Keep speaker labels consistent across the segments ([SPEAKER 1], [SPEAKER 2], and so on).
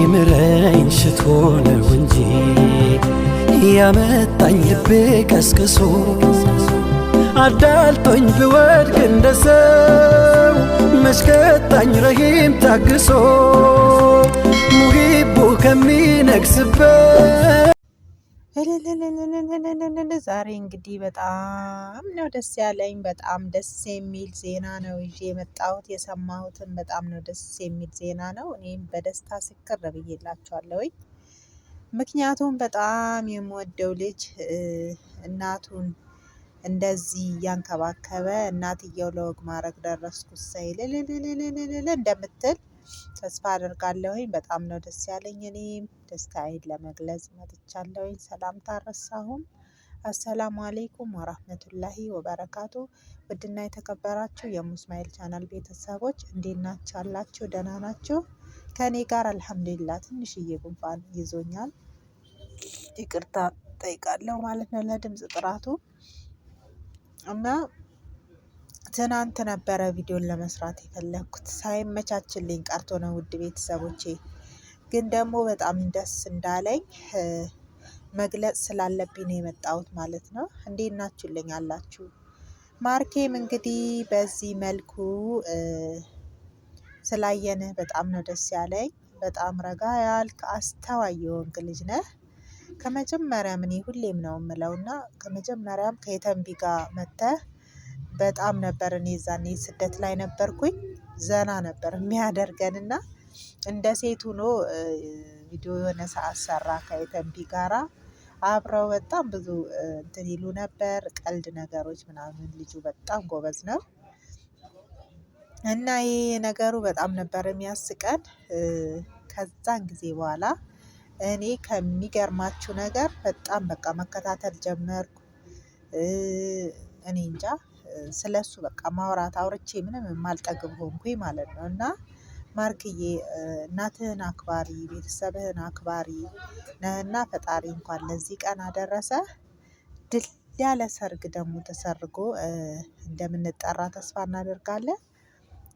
[SPEAKER 1] ሊምረኝ ሽቶ ነው እንጂ ያመጣኝ ልቤ ቀስቅሶ አዳልጦኝ ብወድቅ እንደ ሰው መሽከጣኝ ረሂም ታግሶ ሙሂቡ ከሚነግስበት
[SPEAKER 2] ዛሬ እንግዲህ በጣም ነው ደስ ያለኝ። በጣም ደስ የሚል ዜና ነው ይዤ የመጣሁት። የሰማሁትን በጣም ነው ደስ የሚል ዜና ነው። እኔም በደስታ ስክር ብዬላችኋለሁኝ። ምክንያቱም በጣም የምወደው ልጅ እናቱን እንደዚህ እያንከባከበ እናትየው ለወግ ማድረግ ደረስኩ ሳይል እንደምትል ተስፋ አድርጋለሁኝ በጣም ነው ደስ ያለኝ እኔም ደስታዬን ለመግለጽ መጥቻለሁኝ። ሰላምታ አልረሳሁም። አሰላሙ አሌይኩም ወራህመቱላሂ ወበረካቱ። ውድና የተከበራችሁ የሙስማኤል ቻናል ቤተሰቦች እንዴት ናችሁ? አላችሁ ደህና ናችሁ? ከእኔ ጋር አልሐምዱሊላ ትንሽዬ ጉንፋን ይዞኛል። ይቅርታ ጠይቃለሁ ማለት ነው ለድምፅ ጥራቱ እና ትናንት ነበረ ቪዲዮን ለመስራት የፈለግኩት ሳይመቻችልኝ ቀርቶ ነው። ውድ ቤተሰቦቼ ግን ደግሞ በጣም ደስ እንዳለኝ መግለጽ ስላለብኝ ነው የመጣሁት ማለት ነው። እንዴት ናችሁልኝ አላችሁ? ማርኬም እንግዲህ በዚህ መልኩ ስላየንህ በጣም ነው ደስ ያለኝ። በጣም ረጋ ያልክ አስተዋይ የሆንክ ልጅ ነህ። ከመጀመሪያም እኔ ሁሌም ነው የምለውና ከመጀመሪያም ከየተንቢ ጋር መጥተህ በጣም ነበር እኔ ዛኔ ስደት ላይ ነበርኩኝ ዘና ነበር የሚያደርገን እና እንደ ሴት ሆኖ ቪዲዮ የሆነ ሰዓት ሰራ ከየተንቢ ጋራ አብረው በጣም ብዙ እንትን ይሉ ነበር ቀልድ ነገሮች ምናምን ልጁ በጣም ጎበዝ ነው። እና ይህ ነገሩ በጣም ነበር የሚያስቀን። ከዛን ጊዜ በኋላ እኔ ከሚገርማችሁ ነገር በጣም በቃ መከታተል ጀመርኩ። እኔ እንጃ ስለሱ በቃ ማውራት አውርቼ ምንም የማልጠግብ ሆንኩኝ ማለት ነው። እና ማርክዬ እናትህን አክባሪ ቤተሰብህን አክባሪ ነህና ፈጣሪ እንኳን ለዚህ ቀን አደረሰ። ድል ያለ ሰርግ ደግሞ ተሰርጎ እንደምንጠራ ተስፋ እናደርጋለን።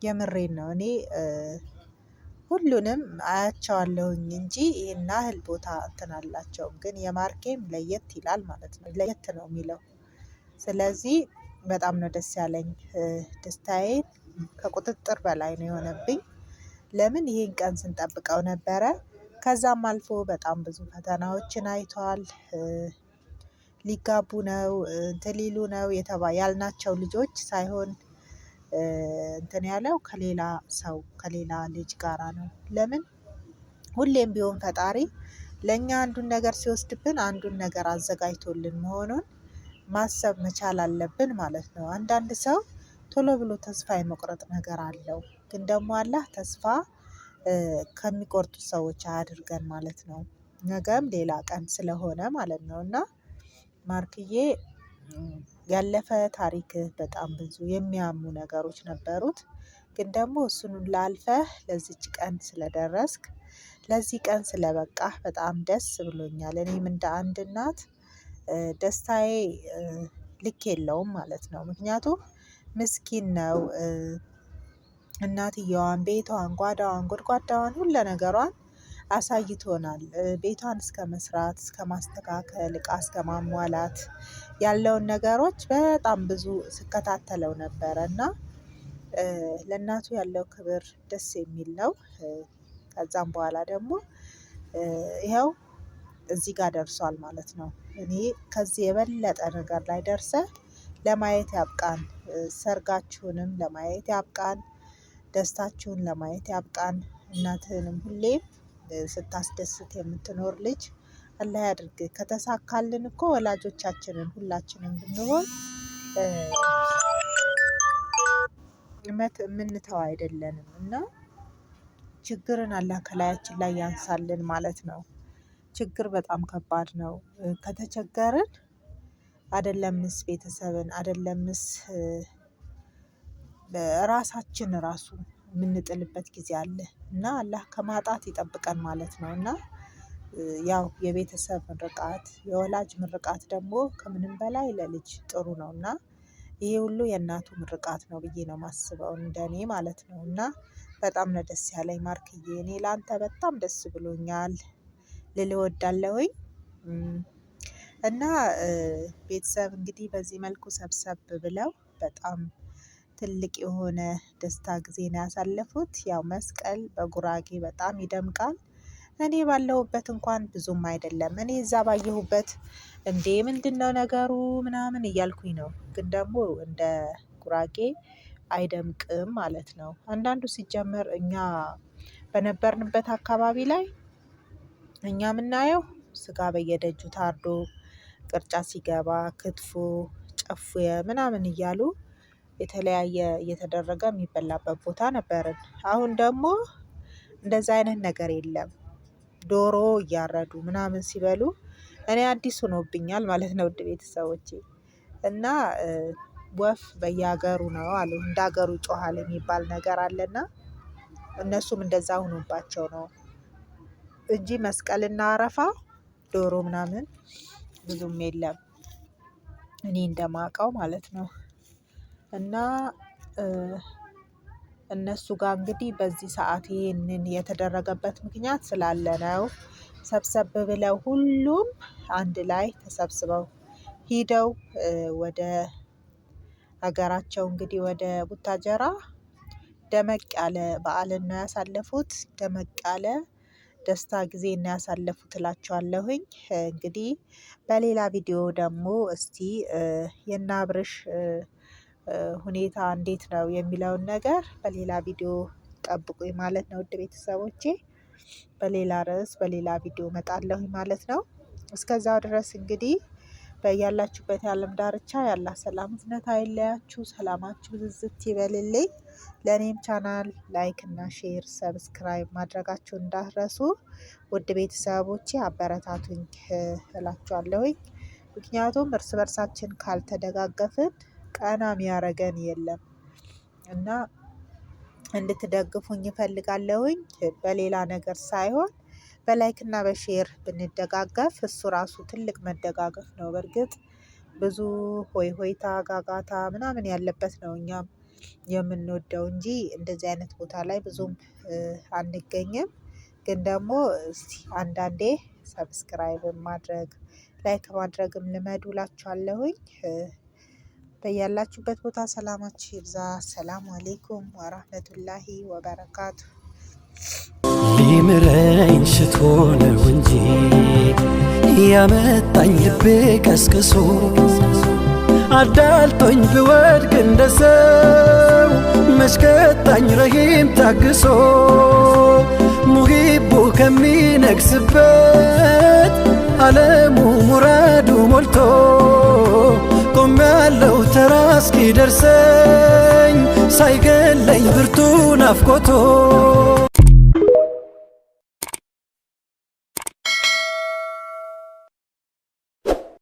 [SPEAKER 2] የምሬን ነው እኔ ሁሉንም አያቸዋለሁኝ እንጂ ይሄን ያህል ቦታ እንትን አላቸውም ግን የማርኬም ለየት ይላል ማለት ነው ለየት ነው የሚለው። ስለዚህ በጣም ነው ደስ ያለኝ። ደስታዬን ከቁጥጥር በላይ ነው የሆነብኝ። ለምን ይሄን ቀን ስንጠብቀው ነበረ። ከዛም አልፎ በጣም ብዙ ፈተናዎችን አይቷል። ሊጋቡ ነው እንትን ሊሉ ነው የተባ ያልናቸው ልጆች ሳይሆን እንትን ያለው ከሌላ ሰው ከሌላ ልጅ ጋራ ነው። ለምን ሁሌም ቢሆን ፈጣሪ ለእኛ አንዱን ነገር ሲወስድብን አንዱን ነገር አዘጋጅቶልን መሆኑን ማሰብ መቻል አለብን ማለት ነው። አንዳንድ ሰው ቶሎ ብሎ ተስፋ የመቁረጥ ነገር አለው ግን ደግሞ አላህ ተስፋ ከሚቆርጡ ሰዎች አያድርገን ማለት ነው። ነገም ሌላ ቀን ስለሆነ ማለት ነው። እና ማርክዬ ያለፈ ታሪክ በጣም ብዙ የሚያሙ ነገሮች ነበሩት። ግን ደግሞ እሱንም ላልፈህ ለዚች ቀን ስለደረስክ ለዚህ ቀን ስለበቃህ በጣም ደስ ብሎኛል። እኔም እንደ አንድ እናት ደስታዬ ልክ የለውም ማለት ነው። ምክንያቱም ምስኪን ነው። እናትየዋን ቤቷን ጓዳዋን ጎድጓዳዋን ሁለ ነገሯን አሳይቶናል ቤቷን እስከ መስራት እስከ ማስተካከል እቃ እስከ ማሟላት ያለውን ነገሮች በጣም ብዙ ስከታተለው ነበረ እና ለእናቱ ያለው ክብር ደስ የሚል ነው። ከዛም በኋላ ደግሞ ይኸው እዚህ ጋር ደርሷል ማለት ነው። እኔ ከዚህ የበለጠ ነገር ላይ ደርሰ ለማየት ያብቃን። ሰርጋችሁንም ለማየት ያብቃን። ደስታችሁን ለማየት ያብቃን። እናትህንም ሁሌም ስታስደስት የምትኖር ልጅ አላህ ያድርግ። ከተሳካልን እኮ ወላጆቻችንን ሁላችንም ብንሆን እመት የምንተው አይደለንም እና ችግርን አላህ ከላያችን ላይ ያንሳልን ማለት ነው። ችግር በጣም ከባድ ነው። ከተቸገርን አይደለምስ ቤተሰብን አይደለምስ ራሳችን ራሱ የምንጥልበት ጊዜ አለ እና አላህ ከማጣት ይጠብቀን ማለት ነው። እና ያው የቤተሰብ ምርቃት የወላጅ ምርቃት ደግሞ ከምንም በላይ ለልጅ ጥሩ ነው እና ይሄ ሁሉ የእናቱ ምርቃት ነው ብዬ ነው ማስበው እንደኔ ማለት ነው። እና በጣም ነው ደስ ያለኝ ማርክዬ እኔ ላንተ በጣም ደስ ብሎኛል ልል እወዳለሁኝ። እና ቤተሰብ እንግዲህ በዚህ መልኩ ሰብሰብ ብለው በጣም ትልቅ የሆነ ደስታ ጊዜ ነው ያሳለፉት። ያው መስቀል በጉራጌ በጣም ይደምቃል። እኔ ባለሁበት እንኳን ብዙም አይደለም። እኔ እዛ ባየሁበት እንዴ ምንድነው ነገሩ ምናምን እያልኩኝ ነው። ግን ደግሞ እንደ ጉራጌ አይደምቅም ማለት ነው። አንዳንዱ ሲጀመር እኛ በነበርንበት አካባቢ ላይ እኛ የምናየው ስጋ በየደጁ ታርዶ ቅርጫት ሲገባ ክትፎ ጨፉየ ምናምን እያሉ የተለያየ እየተደረገ የሚበላበት ቦታ ነበርን። አሁን ደግሞ እንደዛ አይነት ነገር የለም። ዶሮ እያረዱ ምናምን ሲበሉ እኔ አዲስ ሆኖብኛል ማለት ነው። ውድ ቤተሰቦቼ እና ወፍ በየሀገሩ ነው አሉ እንደ ሀገሩ ይጮሃል የሚባል ነገር አለና እነሱም እንደዛ ሆኖባቸው ነው እንጂ መስቀልና አረፋ ዶሮ ምናምን ብዙም የለም። እኔ እንደማውቀው ማለት ነው። እና እነሱ ጋር እንግዲህ በዚህ ሰዓት ይህንን የተደረገበት ምክንያት ስላለ ነው። ሰብሰብ ብለው ሁሉም አንድ ላይ ተሰብስበው ሂደው ወደ ሀገራቸው እንግዲህ ወደ ቡታጀራ ደመቅ ያለ በዓልን ነው ያሳለፉት። ደመቅ ያለ ደስታ ጊዜ እና ያሳለፉ ትላቸዋለሁኝ። እንግዲህ በሌላ ቪዲዮ ደግሞ እስቲ የናብርሽ ሁኔታ እንዴት ነው የሚለውን ነገር በሌላ ቪዲዮ ጠብቁኝ ማለት ነው። ውድ ቤተሰቦቼ በሌላ ርዕስ በሌላ ቪዲዮ እመጣለሁኝ ማለት ነው። እስከዛው ድረስ እንግዲህ በያላችሁበት የዓለም ዳርቻ ያላ ሰላም እዝነት አይለያችሁ። ሰላማችሁ ዝዝት ይበልልኝ። ለእኔም ቻናል ላይክ እና ሼር ሰብስክራይብ ማድረጋችሁ እንዳትረሱ ውድ ቤተሰቦቼ አበረታቱኝ እላችኋለሁኝ። ምክንያቱም እርስ በርሳችን ካልተደጋገፍን ቀና የሚያረገን የለም እና እንድትደግፉኝ ይፈልጋለሁኝ በሌላ ነገር ሳይሆን በላይክና በሼር ብንደጋገፍ እሱ ራሱ ትልቅ መደጋገፍ ነው። በእርግጥ ብዙ ሆይ ሆይታ ጋጋታ ምናምን ያለበት ነው እኛም የምንወደው እንጂ እንደዚህ አይነት ቦታ ላይ ብዙም አንገኝም። ግን ደግሞ እስቲ አንዳንዴ ሰብስክራይብ ማድረግ ላይክ ማድረግም ልመዱ ላችኋለሁኝ። በያላችሁበት ቦታ ሰላማችሁ ይብዛ። ሰላም አሌይኩም ወራህመቱላሂ ወበረካቱ።
[SPEAKER 1] ሊምረኝ ሽቶ ነው እንጂ ያመጣኝ ልቤ ቀስቅሶ አዳልጦኝ ብወድቅ እንደ ሰው መሽከጣኝ ረሂም ታግሶ ሙሂቡ ከሚነግስበት ዓለሙ ሙራዱ ሞልቶ ቆም ያለው ተራ እስኪደርሰኝ ሳይገለኝ ብርቱ ናፍቆቶ